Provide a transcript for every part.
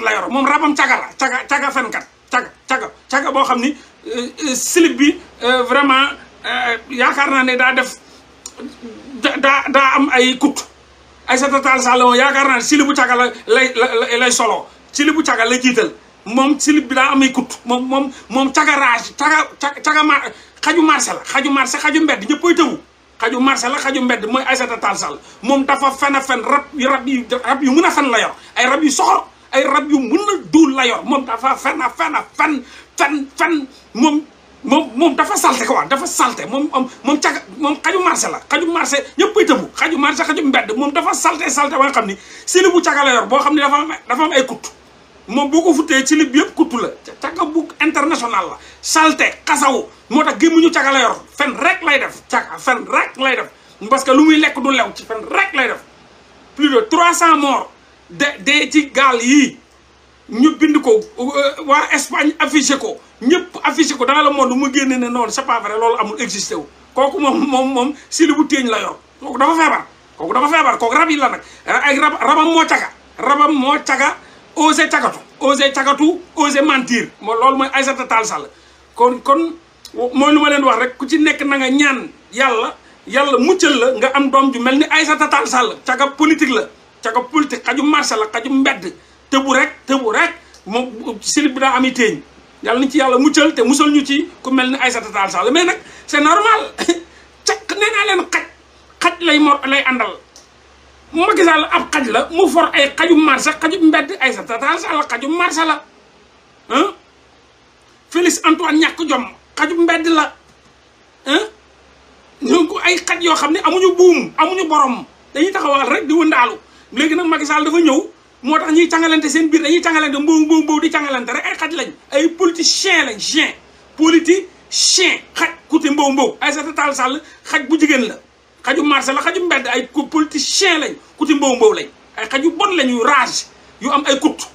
caggat moom rabam caga la caga caga fenkat caga caga boo xam ni euh, euh, slip bi euh, vraiment yaakaar naa ne daa def daa daa am ay kut Aïssata Tall Sall moom yaakaar naa ne slip bu caga la lay lay solo slip bu caga la jiital moom slip bi daa am ay kut moom moom moom caga rage caga caga ma xaju marché la xaju marché xaju mbedd ñëppay tëwu xaju marché la xaju mbedd mooy Aïssata Tall Sall moom dafa fen a fen rab yu rab yu rab yu mën a fen la yor ay rab yu soxor ay rab yu mun a duul la yor moom dafa fen a fen a fen fen moom moom moom dafa salte quoi dafa salte moom moom caga moom xaju marché la xaju marché ñëpp ay tëbu xaju marché xaju mbedd moom dafa salte salte ba nga xam ni silib bu caga la yor boo xam ne dafa am dafa ay kuttu moom boo ko futtee silib bi yëpp kuttu la caga bu international la salte xasaw moo tax gémmuñu caga la yor fen rek lay def caga fen rek lay def parce que lu muy lekk du lew ci fen rek lay def plus de 300 morts de dee ci gaal yi ñu bind ko euh, waa Espagne affiché ko ñëpp affiché ko dans le monde mu génne ne noon c'est pas vrai loolu amul existé wu kooku moom moom moom si li bu téeñ la yor kooku dafa feebar kooku dafa feebar kooku rab yi la nag ay rab rabam moo caga rabam moo caga osé cagatu osé cagatu osé mentir moo loolu mooy Aïssata Tall Sall kon kon mooy lu ma leen wax rek ku ci nekk na nga ñaan yàlla yàlla muccal la nga am doom ju mel ni Aïssata Tall Sall caga politique la caga politique xaju marché la xaju mbedd tëbu rek tëbu rek moom silib bi daa ami téeñ yàlla nañ ci yàlla muccal te musal ñu ci ku mel ni Aïssata Tall la mais nag c'est normal caq nee naa leen xaj xaj lay mor lay àndal Macky Sall ab xaj la mu for ay xaju marché xaju mbedd Aïssata Tall Sall xaju marché la ah Félix Antoine ñàkk jom xaju mbedd la ah ñoo ko ay xaj yoo xam ne amuñu buum amuñu borom dañuy taxawal rek di wëndaalu léegi nag Macky Sall dafa ñëw moo tax ñuy cangalante seen biir dañuy cangalante mbow mbow mbow di cangalante rek ay xaj lañ ay politicien lañ chien politicien xaj kuti mbow mbow Aïssata Tall Sall xaj bu jigéen la xaju marché la xaju mbedd ay politicien lañ kuti mbow mbow lañ ay xaju yu bon lañ yu rage yu am ay kutt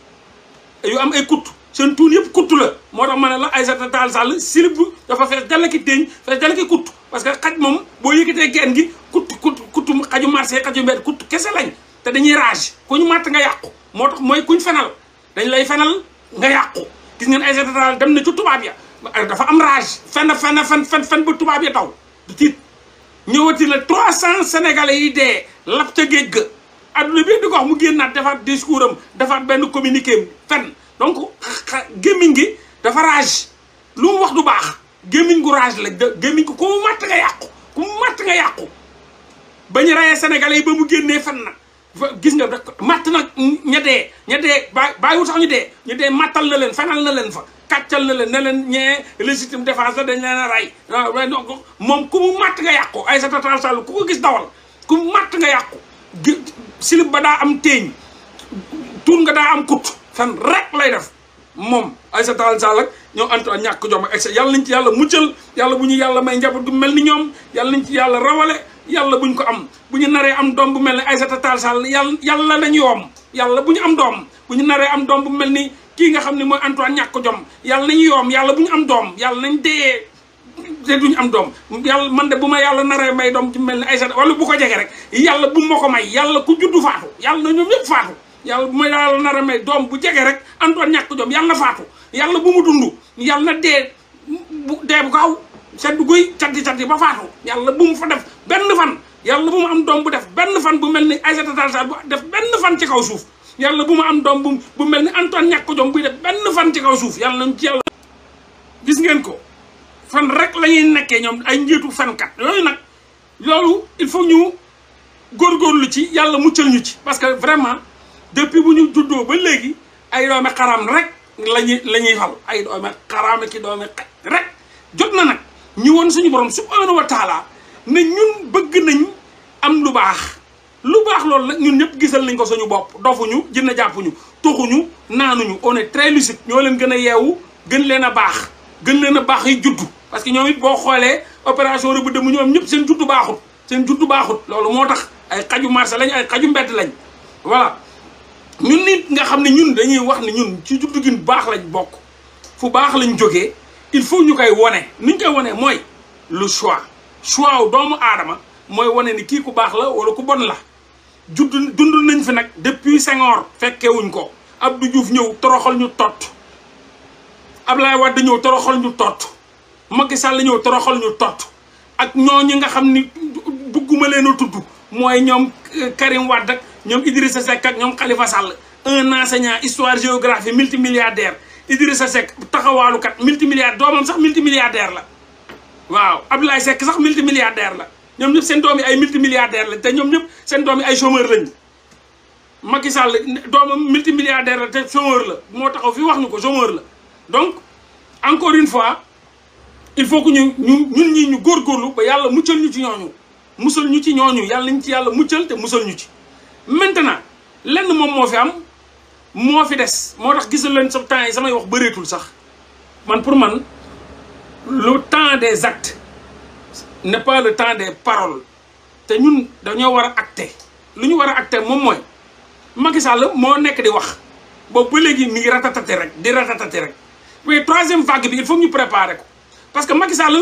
yu am ay kutt seen tuun yëpp kutt la moo tax ma ne la Aïssata Tall Sall silib dafa fees dal ki déñ fees dal ki kutt parce que xaj moom boo yëkkatee genn gi kutt kutt kutt xaju marché xaju mbedd kutt kese lañ te dañuy rage ku ñu màtt nga yàqu moo tax mooy kuñ fenal dañ lay fenal nga yàqu gis ngeen ay général dem na ci tubaab ya dafa am rage fen fen fen fen fen ba tubaab ya taw du tiit ñëwati la trois cent sénégalais yi dee lap ca géej ga adduna bi di ko wax mu génnaat defaat discours am defaat benn communiqué am fen donc gémmiñ gi dafa rage lu mu wax du baax gémmiñ gu rage la gémmiñ ko ku mu màtt nga yàqu ku màtt nga yàqu ba ñu rayee sénégalais yi ba mu génnee fen na gis nga rek matt nag ña dee ba baa bàyyi sax ñu dee ñu dee mattal na leen fanal na leen fa kàccal na leen ne leen ñee légitime défense la dañ leen a rey moom ku mu matt nga yàqu ay sa total sall ku ko gis dawal ku mu matt nga yàqu silib ba daa am teeñ tuur nga daa am kut fan rek lay def moom ay sa taal sall ak ñoo ant ñàkk jom ak yàlla nañ ci yàlla muccal yàlla bu ñu yàlla may njaboot gu mel ni ñoom yàlla nañ ci yàlla rawale yàlla buñ ko am bu ñu naree am doom bu mel ni Aïssata Tall Sall yàlla yàlla lañu yoom yàlla bu ñu am doom bu ñu naree am doom bu mel ni kii nga xam ne mooy Antoine ñàkk ko jom yàlla nañu yoom yàlla bu ñu am doom yàlla nañ dee te am doom yàlla man de bu ma yàlla naree may doom ci mel ni Aïssata wala bu ko jege rek yàlla bu ma ko may yàlla ku juddu faatu yàlla na ñoom ñëpp faatu yàlla bu ma yàlla naree may doom bu jege rek Antoine ñàkk jom yàlla faatu yàlla bu ma dundu yàlla na dee bu dee bu ko aw sedd guy canti canti ba faatu yàlla bu mu fa def benn fan yàlla bu mu am doom bu def benn fan bu mel ni Aïssata Tall Sall bu def benn fan ci kaw suuf yàlla bu mu am doom bu bu mel ni Antoine ñàkk jom buy def benn fan ci kaw suuf yàlla nañ ci yàlla gis ngeen ko fan rek la ñuy nekkee ñoom ay njiitu fenkat yooyu nag loolu il faut ñu góorgóorlu ci yàlla muccal ñu ci parce que vraiment depuis bu ñu juddoo ba léegi ay doomi xaraam rek lañuy la ñuy fal ay doomi xaraam ki doomi rek jot na nag ñu woon suñu borom subhanahu wa taala ne ñun bëgg nañ am lu baax lu baax loolu nag ñun ñëpp gisal nañ ko suñu bopp dofuñu a jàppuñu toxuñu naanuñu on est très lucide ñoo leen gën a yeewu gën leen a baax gën leen a baax yi juddu parce que ñoom it boo xoolee opération rëbb dëmm am ñëpp seen juddu baaxut seen juddu baaxut loolu moo tax ay xaju marché lañ ay xaju mbedd lañ voilà ñun nit nga xam ne ñun dañuy wax ne ñun ci juddu gi baax lañ bokk fu baax lañ jógee il faut ñu koy wone ni koy wone mooy lu choix choix wu doomu aadama mooy wane ni kii ku baax la wala ku bon la judd dund nañ fi nag depuis Senghor fekkewuñ ko Abdou juuf ñëw toroxal ñu tott Ablaye Wade ñëw toroxal ñu tott Macky Sall ñëw toroxal ñu tott ak ñoo ñi nga xam ni bugguma leen a tudd mooy ñoom euh, Karim Wade ak ñoom Idrissa Seck ak ñoom Khalifa Sall un enseignant histoire géographie multimilliardaire Idrissa Seck taxawaalukat multimilliard doomam sax milti multimilliardaire la waaw Abdoulaye Seck sax milti multimilliardaire la ñoom ñëpp seen doom yi ay multimilliardaire la te ñoom ñëpp seen doom yi ay chômeur lañ Macky Sall doomam multimilliardaire la te chômeur la moo taxaw fii wax ñu ko chômeur la donc encore une fois il faut que ñu ñu ñun ñii ñu góorgóorlu ba yàlla muccal ñu ci ñooñu musal ñu ci ñooñu yàlla ñu ci yàlla muccal te musal ñu ci maintenant lenn moom moo moo fi des moo tax gisal leen sa temps yi samay wax bëreetul sax man pour man le temps des actes n'est pas le temps des paroles te ñun dañoo war a acté lu ñu war a acte moom mooy Macky Sall moo nekk di wax boobu ba léegi mi ngi ratatate rek di ratatate rek mais troisième vague bi il faut ñu préparer ko parce que Macky Sall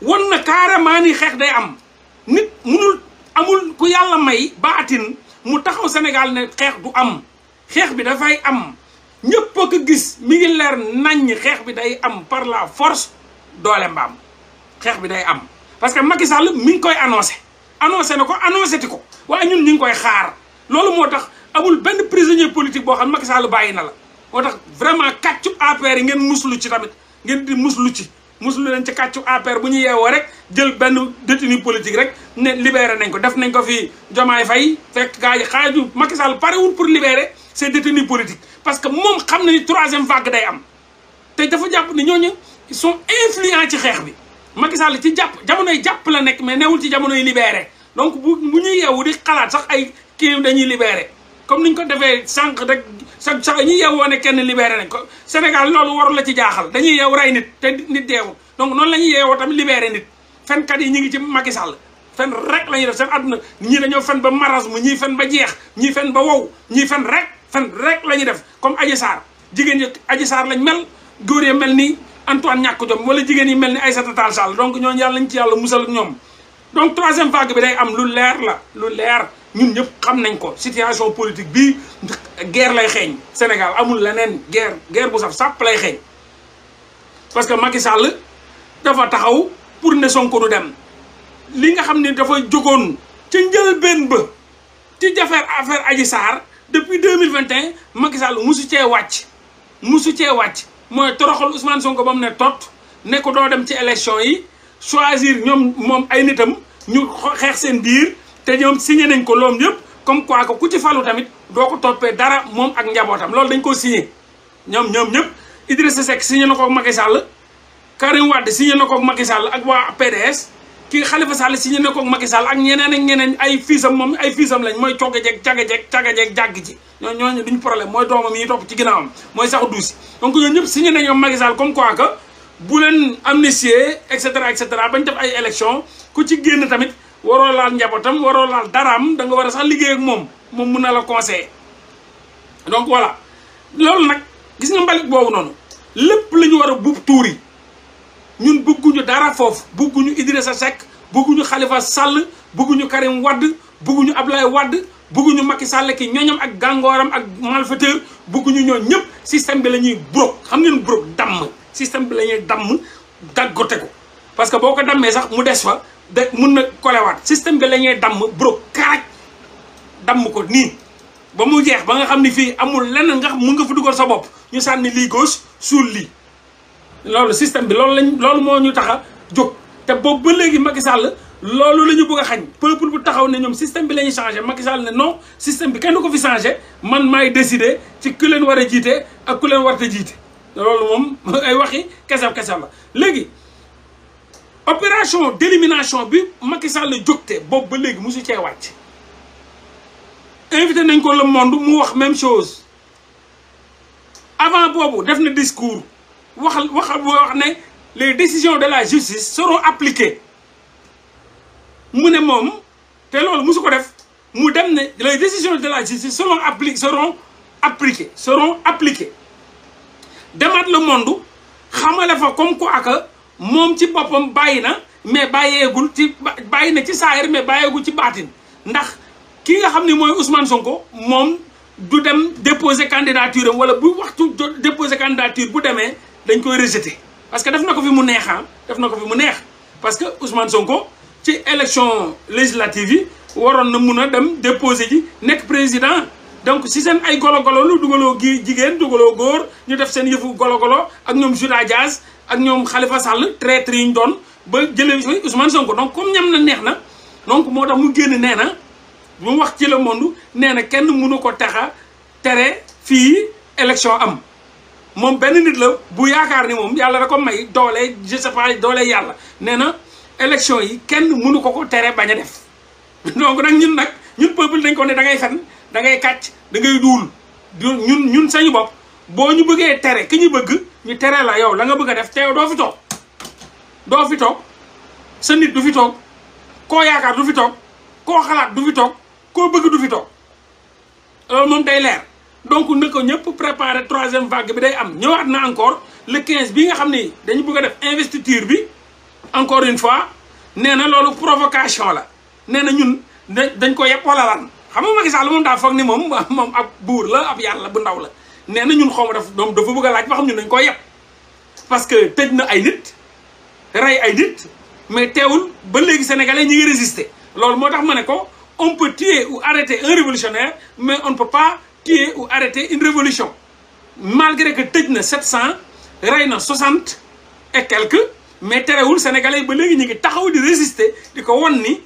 won na carrément ni xeex day am nit munul amul ku yàlla may baatin mu taxaw Sénégal ne xeex du am xeex bi dafay am ñëpp a ko gis mi ngi leer naññ xeex bi day am par la force doole mbaam xeex bi day am parce que Macky Sall mi ngi koy annoncé annoncé na ko annoncé ti ko waaye ñun ñu ngi koy xaar loolu moo tax amul benn prisonnier politique boo xam Macky Sall bàyyi na la moo tax vraiment kàccu APR yi ngeen muslu ci tamit ngeen di muslu ci lu leen ci kàccu APR bu ñu yeewoo rek jël benn détenu politique rek ne libéré nañ ko def nañ ko fi Diomaye Faye fekk gars yi xaaju Macky Sall parewul pour libérer ces détenus politiques parce que moom xam nañu ni troisième vague day am te dafa jàpp ni ñooñu ils sont influents ci xeex bi Macky Sall ci jàpp jamonoy jàpp la nekk mais newul ci jamonoy libere donc bu mu ñuy yeewu di xalaat sax ay kii dañuy libere comme niñ ko defee sànq rek sax ñu ñuy yeewoo ne kenn libéré nañ ko Sénégal loolu waru la ci jaaxal dañuy yeew rey nit te nit deewul donc noonu la ñuy yeewoo tamit libéré nit fenkat yi ñu ngi ci Macky Sall fen rek la ñuy def seen àdduna ñii dañoo fen ba marasme ñii fen ba jeex ñii fen ba wow ñii fen rek fen rek la ñuy def comme Adji Sarr jigéen ñi Adji Sarr lañ mel góor yi mel ni Antoine ñàkk jom wala jigéen yi mel ni Aïssata Tall Sall donc ñooñu yàlla nañ ci yàlla musal ak ñoom donc troisième vague bi day am lu leer la lu leer ñun ñëpp xam nañ ko situation politique bi guerre lay xeeñ Sénégal amul leneen guerre guerre bu saf sàpp lay xeeñ parce que Macky Sall dafa taxaw pour ne Sonko dem li nga xam ne dafa jógoon ci ca njëlbéen ba ci jafe affaire Adji Sarr depuis deux mille vingt et un Macky Sall musu cee wàcc musu cee wàcc mooy toroxal Ousmane Sonko ba mu ne tot ne ko doo dem ci élection yi choisir ñoom moom ay nitam ñu xeex seen biir te ñoom signé nañ ko loom yëpp comme quoi que ku ci falu tamit doo ko toppee dara moom ak njabootam loolu dañ ko signé ñoom ñoom ñëpp Idrissa Seck signé na ko Macky Sall Karim Wade signé na ko Macky ak waa PDS. kii Khalifa Sall si ñu nekkoog Macky Sall ak ñeneen ak ñeneen ay fiisam moom ay fiisam lañ mooy cogga jeeg cagga jeeg cagga jàgg ji ñoo ñooñu duñ problème mooy doomam yi topp ci ginnaawam mooy sax duusi donc ñooñu ñëpp si ñu ne ñoom Macky Sall comme quoi que bu leen amnistier et cetera et bañ def ay élection ku ci génn tamit waroo laal njabootam waroo laal daraam da nga war a sax liggéey ak moom moom mun na la conseiller donc voilà loolu nag gis nga mbalit boobu noonu lépp la ñu war a buub tuur yi ñun bëgguñu dara foofu bëgguñu sa Seck bëgguñu xalifa sàll bëgguñu Karim Wade bëgguñu Ablaye Wade bëgguñu Macky Sall ki ñooñam ak gàngooram ak malfateur bëgguñu ñoo ñëpp système bi la ñuy brok xam ngeen brok damm système bi la ñuy damm daggote ko parce que boo ko dammee sax mu des fa de mun na kolewaat système bi la ñuy damm brok karaj damm ko nii ba mu jeex ba nga xam ni fii amul lenn nga xam mun nga fa dugal sa bopp ñu sànni lii gauche suul lii loolu système bi loolu lañ loolu moo ñu tax a jóg te boobu ba léegi Macky Sall loolu la ñu bëgg xañ xañ peuple bu taxaw ne ñoom système bi la ñuy changé Macky Sall ne non système bi kenn ko fi changé man maay décidé ci ku leen war a jiite ak ku leen warta jiite loolu moom ay waxi kesam kesam la léegi opération d'élimination bi Macky Sall te boobu ba léegi mosu cee wàcc invité nañ ko le monde mu wax même chose avant boobu def na discours wax wax wax ne les décisions de la justice seront appliquées mu ne moom te loolu musu ko def mu dem ne les décisions de la justice seront appli seront appliquées seront la demaat le monde xamale fa comme ko ak moom ci boppam bàyyi na mais bàyyeegul ci bàyyi na ci saayir mais bàyyeegul ci baatin ndax ki nga xam ne mooy Ousmane Sonko moom du dem déposé candidature am wala bu waxtu déposé candidature bu demee dañ koy rejeté parce que def na ko fi mu neex ah. def na ko fi mu neex parce que Ousmane Sonko ci élection législative yi waroon na mun a dem déposé ji nekk président donc si seen ay golo-golo lu dugaloo gi jigéen dugaloo góor ñu def seen yëfu golo-golo ak ñoom Juda Diaz ak ñoom Khalifa sàll traître yi ñu doon ba jëlee fi Ousmane Sonko donc comme ñam na neex na donc moo tax mu génn nee na bu mu wax ci le monde nee na kenn mënu ko taxa tere fii élection am moom benn nit la bu yaakaar ni moom yàlla da ko may doole je sais pas doole yàlla nee na élection yi kenn mënu ko ko teree bañ a def donc nag ñun nag ñun peuple dañ ko ne da ngay fen da ngay kàcc da ngay duul ñun ñun sañu bopp boo ñu bëggee tere ki ñu bëgg ñu tere la yow la nga bëgg a def te doo fi toog doo fi toog sa nit du fi toog koo yaakaar du fi toog koo xalaat du fi toog koo bëgg du fi toog moom day leer donc na ko ñëpp préparer troisième vague bi day am ñëwaat na encore le 15 bi nga xam ni dañu bëgg a def investiture bi encore une fois nee na loolu provocation la nee na ñun dañ ko yëpp wala lan xam nga Macky Sall moom daa foog ni moom moom ab buur la ab yàlla bu ndaw la nee na ñun xaw ma daf doom dafa bëgg laaj ba xam ñun dañ ko yëpp parce que tëj na ay nit rey ay nit mais teewul ba léegi sénégalais ñi ngi résister loolu moo tax ma ne ko on peut tuer ou arrêter mais on ne peut pas tuer ou arrêter une révolution malgré que tëj na 700 rey na 60 et quelques mais terewul sénégalais ba léegi ñu ngi taxaw di résister di ko won ni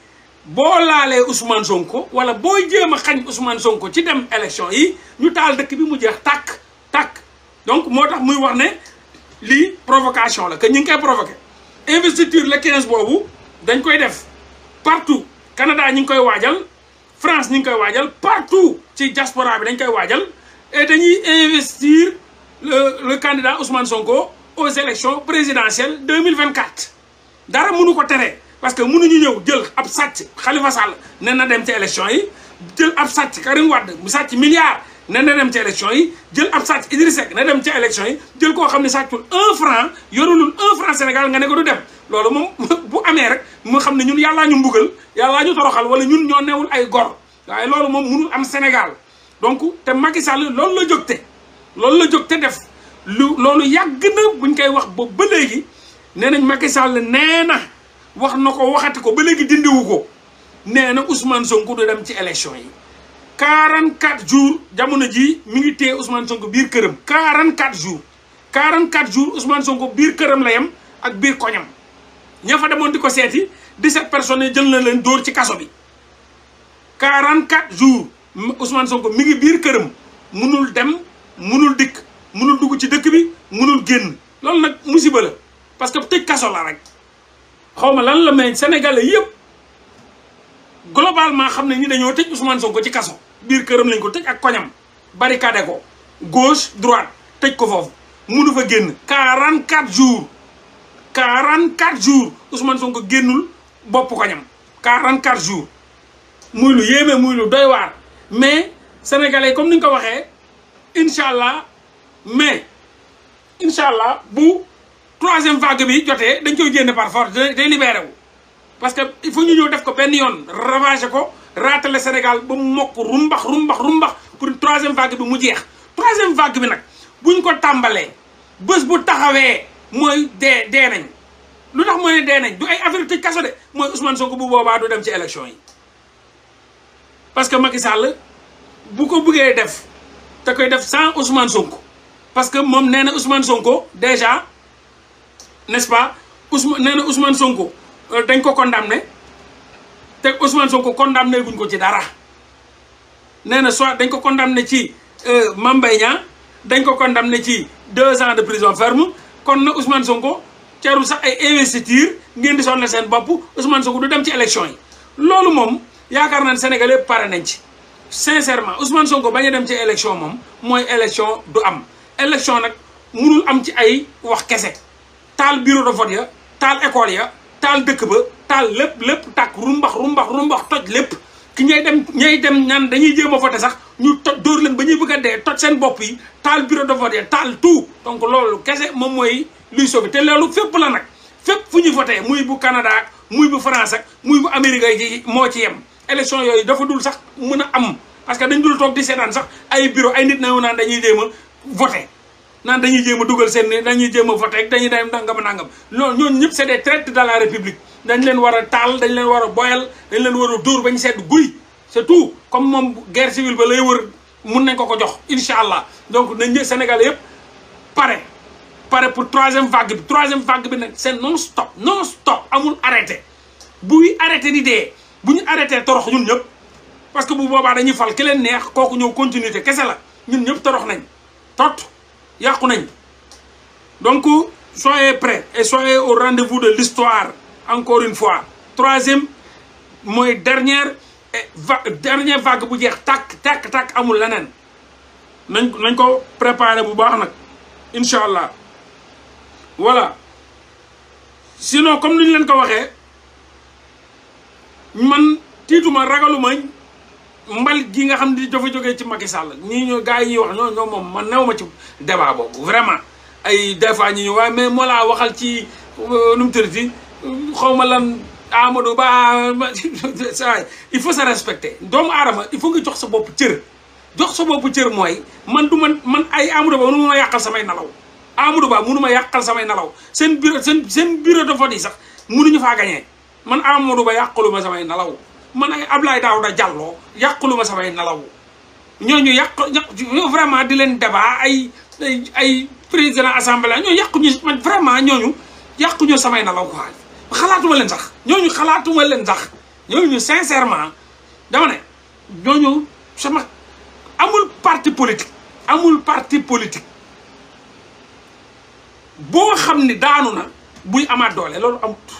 boo laalee Ousmane Sonko wala boo jéem a xañ Ousmane Sonko ci dem élection yi ñu taal dëkk bi mu jeex tàkk takk donc moo tax muy wax ne lii provocation la que ñu ngi koy provoqué investiture le 15 boobu dañ koy def partout Canada ñu ngi koy waajal France ñu ngi koy waajal partout ci diaspora bi dañ koy waajal et dañuy investir le le candidat Ousmane Sonko aux élections présidentielles 2024 dara mënu ko tere parce que mënuñu ñëw jël ab sàcc Khalifa Sall nee na dem ci élection yi jël ab sàcc Karim wadd mu sàcc milliards ne na dem ci élection yi jël ab sàcc Idrissa Seck na dem ci élection yi jël koo xam ne sàccul un franc yorulul un franc Sénégal nga ne ko du dem loolu moom bu amee rek moo xam ne ñun yàllaa ñu mbugal yàllaa ñu toroxal wala ñun ñoo newul ay gor waaye loolu moom mënul am Sénégal donc te Macky Sall loolu la jóg te loolu la jóg te def lu loolu yàgg na buñ koy wax boobu ba léegi nee nañ Macky Sall nee na wax na ko waxati ko ba léegi dindiwu ko nee na Ousmane Sonko du dem ci élection yi 44 jours jamono ji mi ngi téye Ousmane Sonko biir këram 44 jours 44 jours Ousmane Sonko biir këram la yem ak biir koñam ña fa demoon di ko seeti 17 personnes yi jël na leen dóor ci kaso bi 44 jours Ousmane Sonko mi ngi biir këram munul dem munul dikk munul dugg ci dëkk bi munul génn loolu nag musiba la parce que tëj kaso la rek xaw ma lan la may Sénégalais yëpp globalement xam ne ñi dañoo tëj Ousmane Sonko ci kaso. biir këram lañ ko tëj ak koñam barricade ko gauche droite tëj ko foofu munu fa génn 44 jours quarante 44 jours Ousmane ko génnul boppu koñam 44 jours muy lu yéeme muy lu doy waar mais sénégalais comme ni nga ko waxee incha allah mais incha allah bu troisième vague bi jotee dañ koy génn par force day libéré wu parce que il faut ñu ñëw def ko benn yoon ravagé ko raatale Sénégal ba mu mokk rumbax rumbax rumbax pour troisième vague bi mu jeex troisième vague bi nag buñ ko tàmbalee bés bu taxawee mooy dee dee nañ lu tax mooy ne nañ du ay affaire tëj kaso de mooy usman Sonko bu boobaa du dem ci élection yi parce que Macky Sall bu ko buggee def te koy def sans Ousmane Sonko parce que moom nee na Ousmane Sonko déjà n'est-ce pas Ousmane nee na Ousmane Sonko euh, dañ ko condamné te Ousmane Sonko condamné guñ ko ci dara nee na soit dañ ko condamné ci euh, Mame Mbaye Niang dañ ko condamné ci deux ans de prison ferme kon na Ousmane Sonko ceru sax ay investiture ngeen di sonal seen bopp Ousmane Sonko du dem ci élection yi loolu moom yaakaar naa ne Sénégal pare nañ ci sincèrement Ousmane Sonko bañ dem ci élection moom mooy élection du am élection nag munul am ci ay wax kese taal bureau de vote ya taal école ya taal dëkk ba taal lépp lépp tàkk rumbax rumbax rumbax toj lépp ki ñay dem ñay dem ñaan dañuy jéem a voté sax ñu toj dóor leen ba ñuy bëgg a dee toj seen bopp yi taal bureau de vote taal tout donc loolu kese moom mooy luy sauver te loolu fépp la nag fépp fu ñu voté muy bu Canada muy bu France muy bu Amérique yi moo ci yem élection yooyu dafa dul sax mën a am parce que dañ dul toog di seetaan sax ay bureau ay nit na naan dañuy jéem a voté naan dañuy jéem a dugal seen ne dañuy jéem a voté ak dañuy dem nangam a nangam non ñooñu ñëpp c'est des traîtres dans la république dañ leen war a taal dañ leen war a boyal dañ leen war a dóor bañ sedd guy c'est tout comme moom guerre civile ba lay wër mun nañ ko ko jox incha allah donc nañ Sénégal yëpp pare pare pour troisième vague bi troisième vague bi nag c'est non stop non stop amul arrêté buy arrêté di dee bu ñu arrêté torox ñun ñëpp parce que bu boobaa dañuy fal ki leen neex kooku ñëw continuité kese la ñun ñëpp torox nañ tot yàqu nañ donc soyez prêts et soyez au rendez-vous de l'histoire encore une fois troisième mooy dernière eh, va dernière vague bu jeex tàkk tàkk tàkk amul leneen nañ nañ ko préparer bu baax nag incha wala voilà sinon comme ni leen ko waxee man tiituma ragaluma mbal gi nga xam ne dafa jógee ci Macky Sall nii ñoo gars yi ñuy wax ñoo moom ma new ma ci débat boobu vraiment ay des fois ñu ñu waaye mais moo laa waxal ci euh, nu mu tëriti xaw ma lan Amadou Ba il faut se respecter doomu aadama il faut jox sa bopp cër jox sa bopp cër mooy man man man ay Amadou Ba ma yàqal samay nalaw Amadou baa mënu ma yàqal samay nalaw seen bureau seen seen de vote yi sax mënuñu faa gañee man Amadou Ba yàqalu ma samay nalaw man ay Ablaye Daouda Diallo yàqulu ma samay nalaw ñooñu yàq ñoo vraiment di leen débat ay ay président assemblée ñooñu yàquñu man vraiment ñooñu yàquñu samay nalaw quoi xalaatuma leen sax ñooñu xalaatuma leen sax ñooñu sincèrement dama ne ñooñu sama amul parti politique amul parti politique boo xam ni daanu na buy amaat doole loolu amut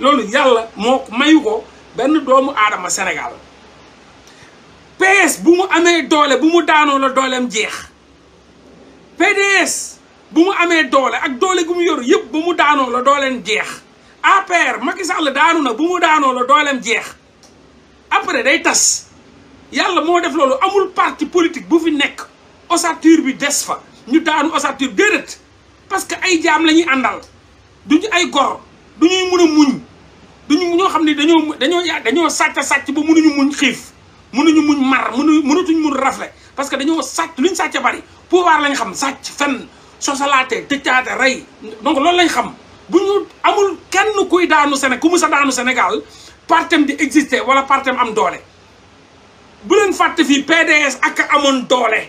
loolu yàlla moo mayu ko benn doomu aadama Sénégal PS bu mu amee doole bu mu daanoo la dooleem jeex PDS bu mu amee doole ak doole gu mu yor yëpp bu mu daanoo la dooleem jeex APR Macky Sall daanu na bu mu daanoo dooleem jeex après day tas yàlla moo def loolu amul parti politique bu fi nekk ossature bi des fa ñu daanu ossature déedéet parce que ay jaam la ñuy du duñu ay gor duñuy mun a muñ duñu ñoo xam ne dañoo dañoo yaa dañoo sàcc sàcc ba mënuñu muñ xiif mënuñu muñ mar mënu mënatuñ mun rafle parce que dañoo sàcc luñ sàcc bari pouvoir lañ xam sàcc fenn sosalaate tëccaate rey donc loolu lañ xam bu ñu amul kenn kuy daanu Sénégal ku mu sa daanu Sénégal partem di exister wala partem am doole bu leen fàtte fii PDS ak amoon doole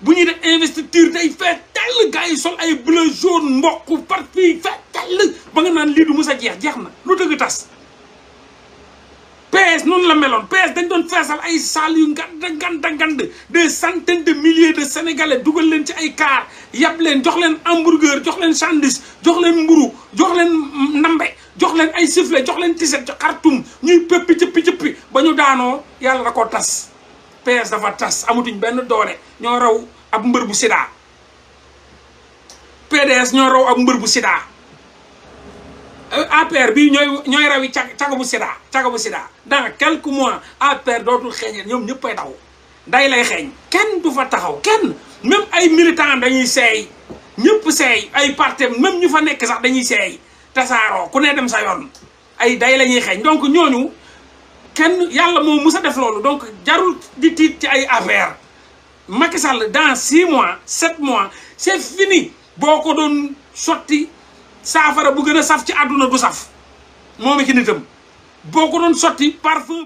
bu ñuy def investiture day fee tell gars yi sol ay bleu jaune mboq parti fee xaaj ba nga naan lii du mus a jeex jeex na lu dëgg tas PS noonu la meloon PS dañ doon feesal ay salle yu nganda nganda ngand des centaines de milliers de sénégalais dugal leen ci ay kaar yab leen jox leen hamburger jox leen sandwich jox leen mburu jox leen nambe jox leen ay sifflet jox leen tiset jox xartum ñuy pëppi cëppi cëppi ba ñu daanoo yàlla da koo tas PS dafa tas amatuñ benn doole ñoo raw ab mbër bu sida PDS ñoo raw ab mbër bu sida APR bii ñooy ñooy rawi cag cagamu sida cagamu sida dans quelques mois APR dootul xeeñeen ñoom ñëpp ay daw day lay xeeñ kenn du fa taxaw kenn même ay militant dañuy seey ñëpp seey ay parti même ñu fa nekk sax dañuy seey tasaaroo ku ne dem sa yoon ay day la ñuy xeeñ donc ñooñu kenn yàlla moo mus a def loolu donc jarul di tiit ci ay affaire Macky Sall dans six mois sept mois c'est fini boo ko doon sotti saafara bu gën a saf ci àdduna bu saf moom ki nitam boo ko doon sotti parfum